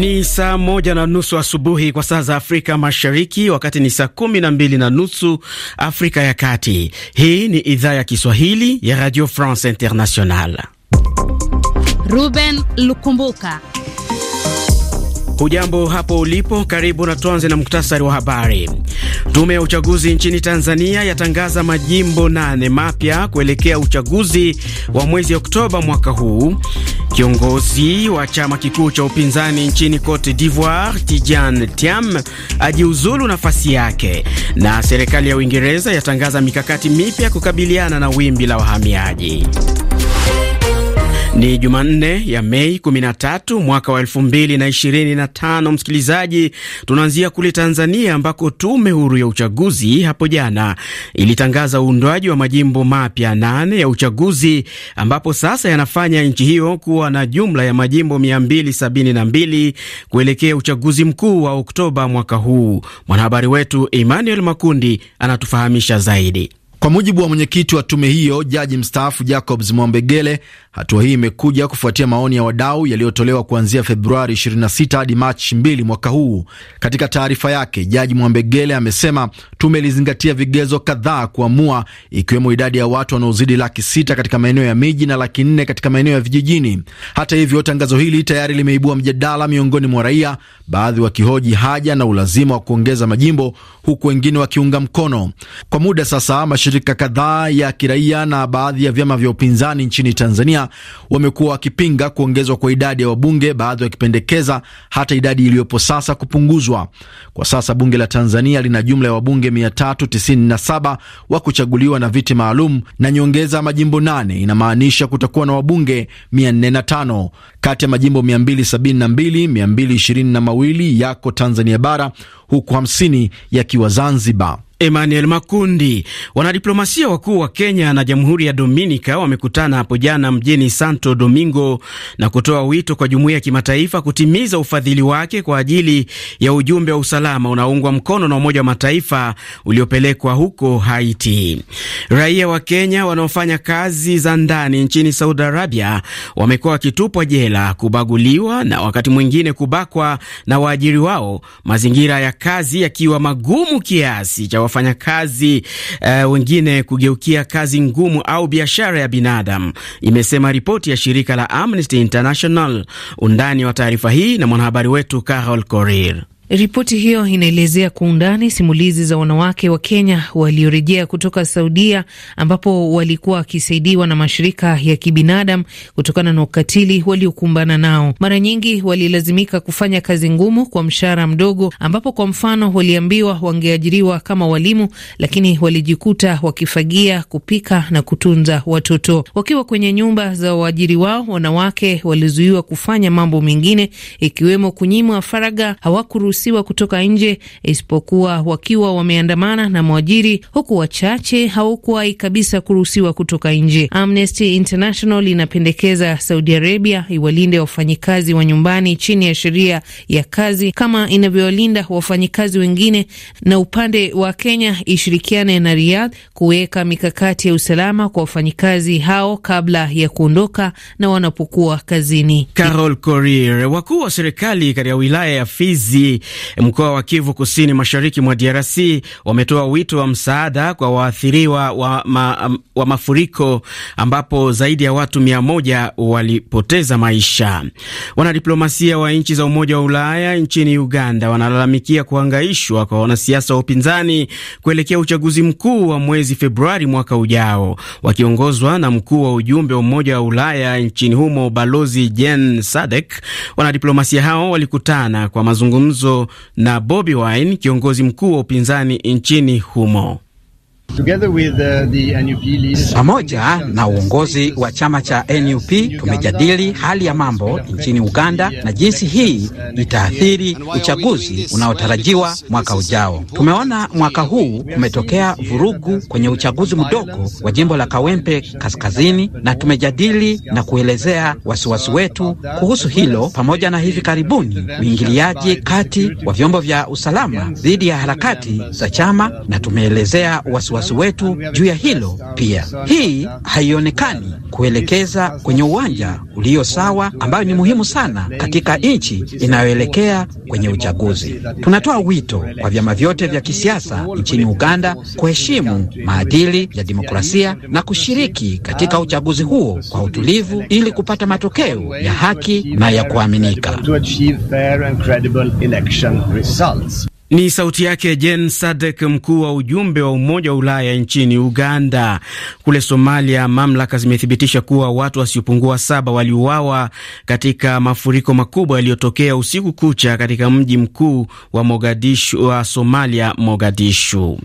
Ni saa moja na nusu asubuhi kwa saa za Afrika Mashariki, wakati ni saa kumi na mbili na nusu Afrika ya Kati. Hii ni idhaa ya Kiswahili ya Radio France International. Ruben Lukumbuka, hujambo hapo ulipo? Karibu na tuanze na muktasari wa habari. Tume ya uchaguzi nchini Tanzania yatangaza majimbo nane mapya kuelekea uchaguzi wa mwezi Oktoba mwaka huu. Kiongozi wa chama kikuu cha upinzani nchini Cote d'Ivoire Tijan Tiam ajiuzulu nafasi yake, na serikali ya Uingereza yatangaza mikakati mipya kukabiliana na wimbi la wahamiaji. Ni Jumanne ya Mei 13 mwaka wa 2025. Msikilizaji, tunaanzia kule Tanzania ambako tume huru ya uchaguzi hapo jana ilitangaza uundwaji wa majimbo mapya nane ya uchaguzi ambapo sasa yanafanya nchi hiyo kuwa na jumla ya majimbo 272 kuelekea uchaguzi mkuu wa Oktoba mwaka huu. Mwanahabari wetu Emmanuel Makundi anatufahamisha zaidi. Kwa mujibu wa mwenyekiti wa tume hiyo, jaji mstaafu Jacobs Mwambegele, hatua hii imekuja kufuatia maoni ya wadau yaliyotolewa kuanzia Februari 26 hadi Machi 2 mwaka huu. Katika taarifa yake, jaji Mwambegele amesema tume ilizingatia vigezo kadhaa kuamua, ikiwemo idadi ya watu wanaozidi laki sita katika maeneo ya miji na laki nne katika maeneo ya vijijini. Hata hivyo, tangazo hili tayari limeibua mjadala miongoni mwa raia, baadhi wakihoji haja na ulazima wa kuongeza majimbo, huku wengine wakiunga mkono. Kwa muda sasa mashirika kadhaa ya kiraia na baadhi ya vyama vya upinzani nchini Tanzania wamekuwa wakipinga kuongezwa kwa idadi ya wabunge, baadhi wakipendekeza hata idadi iliyopo sasa kupunguzwa. Kwa sasa bunge la Tanzania lina jumla ya wabunge 397 wa kuchaguliwa na viti maalum na nyongeza majimbo nane, inamaanisha kutakuwa na wabunge 405 kati ya majimbo 272 222 yako Tanzania bara huku 50 yakiwa Zanzibar. Emmanuel Makundi. Wanadiplomasia wakuu wa Kenya na Jamhuri ya Dominica wamekutana hapo jana mjini Santo Domingo na kutoa wito kwa jumuiya ya kimataifa kutimiza ufadhili wake kwa ajili ya ujumbe wa usalama unaoungwa mkono na Umoja wa Mataifa uliopelekwa huko Haiti. Raia wa Kenya wanaofanya kazi za ndani nchini Saudi Arabia wamekuwa wakitupwa jela, kubaguliwa na wakati mwingine kubakwa na waajiri wao, mazingira ya kazi yakiwa magumu kiasi cha wafanyakazi uh, wengine kugeukia kazi ngumu au biashara ya binadamu, imesema ripoti ya shirika la Amnesty International. Undani wa taarifa hii na mwanahabari wetu Carol Korir. Ripoti hiyo inaelezea kwa undani simulizi za wanawake wa Kenya waliorejea kutoka Saudia, ambapo walikuwa wakisaidiwa na mashirika ya kibinadamu kutokana na ukatili waliokumbana nao. Mara nyingi walilazimika kufanya kazi ngumu kwa mshahara mdogo, ambapo kwa mfano waliambiwa wangeajiriwa kama walimu, lakini walijikuta wakifagia, kupika na kutunza watoto. Wakiwa kwenye nyumba za waajiri wao, wanawake walizuiwa kufanya mambo mengine ikiwemo kunyimwa faragha, hawakuruhusiwa hawaruhusiwa kutoka nje isipokuwa wakiwa wameandamana na mwajiri, huku wachache hawakuwahi kabisa kuruhusiwa kutoka nje. Amnesty International inapendekeza Saudi Arabia iwalinde wafanyikazi wa nyumbani chini ya sheria ya kazi kama inavyowalinda wafanyikazi wengine, na upande wa Kenya ishirikiane na Riyadh kuweka mikakati ya usalama kwa wafanyikazi hao kabla ya kuondoka na wanapokuwa kazini. Carol Korir. Wakuu wa serikali katika wilaya ya Fizi Mkoa wa Kivu Kusini, mashariki mwa DRC wametoa wito wa msaada kwa waathiriwa wa, ma, wa mafuriko ambapo zaidi ya watu mia moja walipoteza maisha. Wanadiplomasia wa nchi za Umoja wa Ulaya nchini Uganda wanalalamikia kuhangaishwa kwa wanasiasa wa upinzani kuelekea uchaguzi mkuu wa mwezi Februari mwaka ujao, wakiongozwa na mkuu wa ujumbe wa Umoja wa Ulaya nchini humo Balozi Jen Sadek. Wanadiplomasia hao walikutana kwa mazungumzo na Bobi Wine, kiongozi mkuu wa upinzani nchini humo. Uh, pamoja na uongozi wa chama cha NUP tumejadili hali ya mambo nchini Uganda na jinsi hii itaathiri uchaguzi unaotarajiwa mwaka ujao. Tumeona mwaka huu umetokea vurugu kwenye uchaguzi mdogo wa jimbo la Kawempe Kaskazini, na tumejadili na kuelezea wasiwasi wetu kuhusu hilo, pamoja na hivi karibuni uingiliaji kati wa vyombo vya usalama dhidi ya harakati za chama, na tumeelezea wasiwasi wasiwasi wetu juu ya hilo pia. Hii haionekani kuelekeza kwenye uwanja ulio sawa, ambayo ni muhimu sana katika nchi inayoelekea kwenye uchaguzi. Tunatoa wito kwa vyama vyote vya kisiasa nchini Uganda kuheshimu maadili ya demokrasia na kushiriki katika uchaguzi huo kwa utulivu ili kupata matokeo ya haki na ya kuaminika. Ni sauti yake Jen Sadek, mkuu wa ujumbe wa Umoja wa Ulaya nchini Uganda. Kule Somalia, mamlaka zimethibitisha kuwa watu wasiopungua saba waliuawa katika mafuriko makubwa yaliyotokea usiku kucha katika mji mkuu wa Mogadishu wa Somalia, Mogadishu.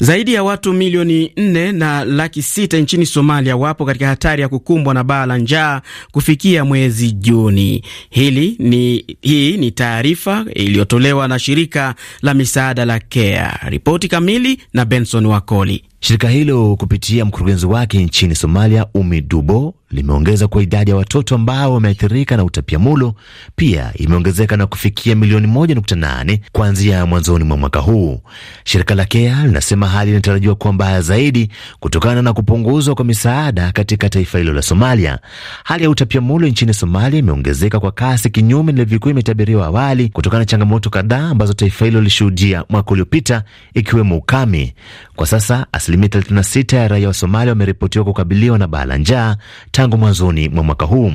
Zaidi ya watu milioni nne na laki sita nchini Somalia wapo katika hatari ya kukumbwa na baa la njaa kufikia mwezi Juni. Hili ni, hii ni taarifa iliyotolewa na shirika la misaada la CARE. Ripoti kamili na Benson Wakoli. Shirika hilo kupitia mkurugenzi wake nchini Somalia, Umi Dubo, limeongeza kwa idadi ya watoto ambao wameathirika na utapiamulo pia imeongezeka na kufikia milioni 1.8 kuanzia mwanzoni mwa mwaka huu. Shirika la Kea linasema hali inatarajiwa kuwa mbaya zaidi kutokana na kupunguzwa kwa misaada katika taifa hilo la Somalia. Hali ya utapia mulo nchini Somalia imeongezeka kwa kasi kinyume nilivyokuwa imetabiriwa awali kutokana na changamoto kadhaa ambazo taifa hilo lilishuhudia mwaka uliopita, ikiwemo ukame. Kwa sasa asili Asilimia 36 ya raia wa Somalia wameripotiwa kukabiliwa na baa la njaa tangu mwanzoni mwa mwaka huu.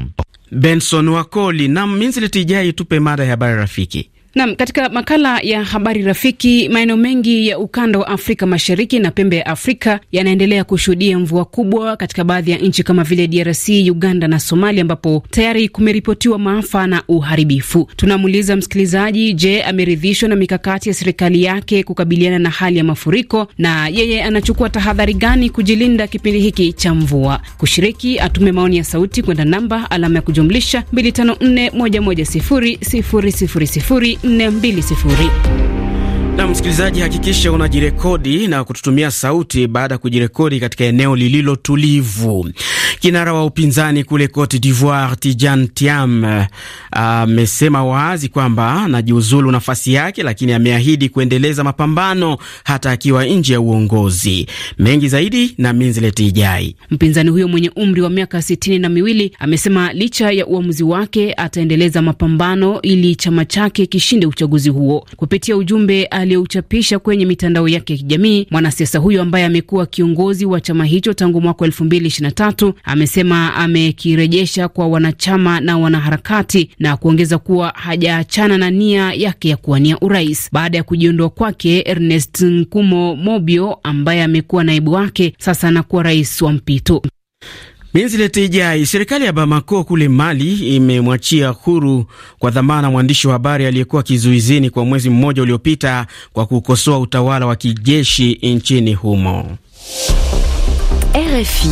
Benson Wakoli na Minziletijai, tupe mada ya habari rafiki. Nam, katika makala ya habari rafiki, maeneo mengi ya ukanda wa Afrika Mashariki na pembe ya Afrika yanaendelea kushuhudia mvua kubwa katika baadhi ya nchi kama vile DRC, Uganda na Somalia, ambapo tayari kumeripotiwa maafa na uharibifu. Tunamuuliza msikilizaji, je, ameridhishwa na mikakati ya serikali yake kukabiliana na hali ya mafuriko na yeye anachukua tahadhari gani kujilinda kipindi hiki cha mvua? Kushiriki, atume maoni ya sauti kwenda namba alama ya kujumlisha 25411000 na msikilizaji, hakikisha unajirekodi na kututumia sauti baada ya kujirekodi katika eneo lililo tulivu. Kinara wa upinzani kule Cote d'Ivoire Tijan Tiam amesema wazi kwamba anajiuzulu nafasi yake, lakini ameahidi kuendeleza mapambano hata akiwa nje ya uongozi. Mengi zaidi na Minzilet Ijai. Mpinzani huyo mwenye umri wa miaka sitini na miwili amesema licha ya uamuzi wake ataendeleza mapambano ili chama chake kishinde uchaguzi huo. Kupitia ujumbe aliyouchapisha kwenye mitandao yake ya kijamii, mwanasiasa huyo ambaye amekuwa kiongozi wa chama hicho tangu mwaka elfu mbili ishirini na tatu amesema amekirejesha kwa wanachama na wanaharakati na kuongeza kuwa hajaachana na nia yake ya kuwania urais. Baada ya kujiondoa kwake, Ernest Nkumo Mobio ambaye amekuwa naibu wake sasa anakuwa rais wa mpito. Minziletijai. Serikali ya Bamako kule Mali imemwachia huru kwa dhamana mwandishi wa habari aliyekuwa kizuizini kwa mwezi mmoja uliopita kwa kukosoa utawala wa kijeshi nchini humo. RFI.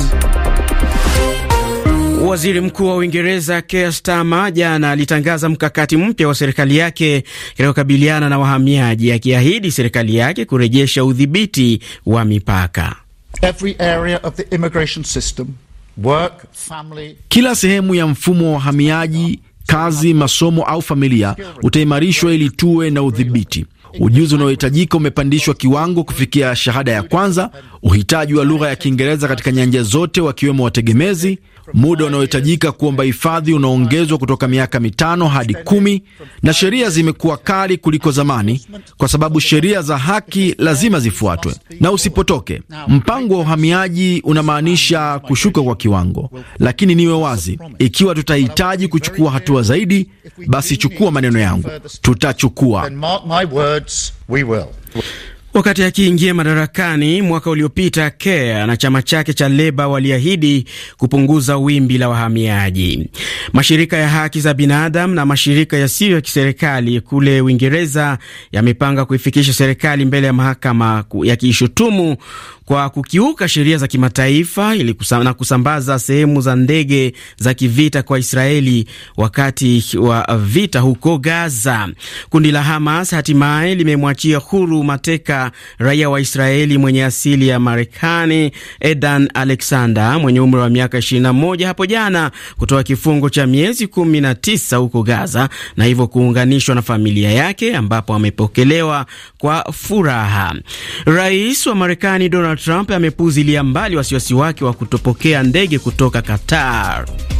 Waziri Mkuu wa Uingereza Keir Starmer jana alitangaza mkakati mpya wa serikali yake katika kukabiliana na wahamiaji, akiahidi ya serikali yake kurejesha udhibiti wa mipaka. Every area of the immigration system, work, family... kila sehemu ya mfumo wa wahamiaji, kazi, masomo au familia utaimarishwa ili tuwe na udhibiti. Ujuzi unaohitajika umepandishwa kiwango kufikia shahada ya kwanza, uhitaji wa lugha ya Kiingereza katika nyanja zote, wakiwemo wategemezi, Muda unaohitajika kuomba hifadhi unaongezwa kutoka miaka mitano hadi kumi, na sheria zimekuwa kali kuliko zamani, kwa sababu sheria za haki lazima zifuatwe na usipotoke. Mpango wa uhamiaji unamaanisha kushuka kwa kiwango, lakini niwe wazi, ikiwa tutahitaji kuchukua hatua zaidi, basi chukua maneno yangu, tutachukua. Wakati akiingia madarakani mwaka uliopita, kea na chama chake cha Leba waliahidi kupunguza wimbi la wahamiaji. Mashirika ya haki za binadamu na mashirika yasiyo ya kiserikali kule Uingereza yamepanga kuifikisha serikali mbele ya mahakama ya kiishutumu kwa kukiuka sheria za kimataifa ili na kusambaza sehemu za ndege za kivita kwa Israeli wakati wa vita huko Gaza. Kundi la Hamas hatimaye limemwachia huru mateka raia wa Israeli mwenye asili ya Marekani Edan Alexander mwenye umri wa miaka 21 hapo jana kutoa kifungo cha miezi 19 huko Gaza na hivyo kuunganishwa na familia yake ambapo amepokelewa kwa furaha. Rais wa Marekani Donald Trump amepuuzilia mbali wasiwasi wake wa kutopokea ndege kutoka Qatar.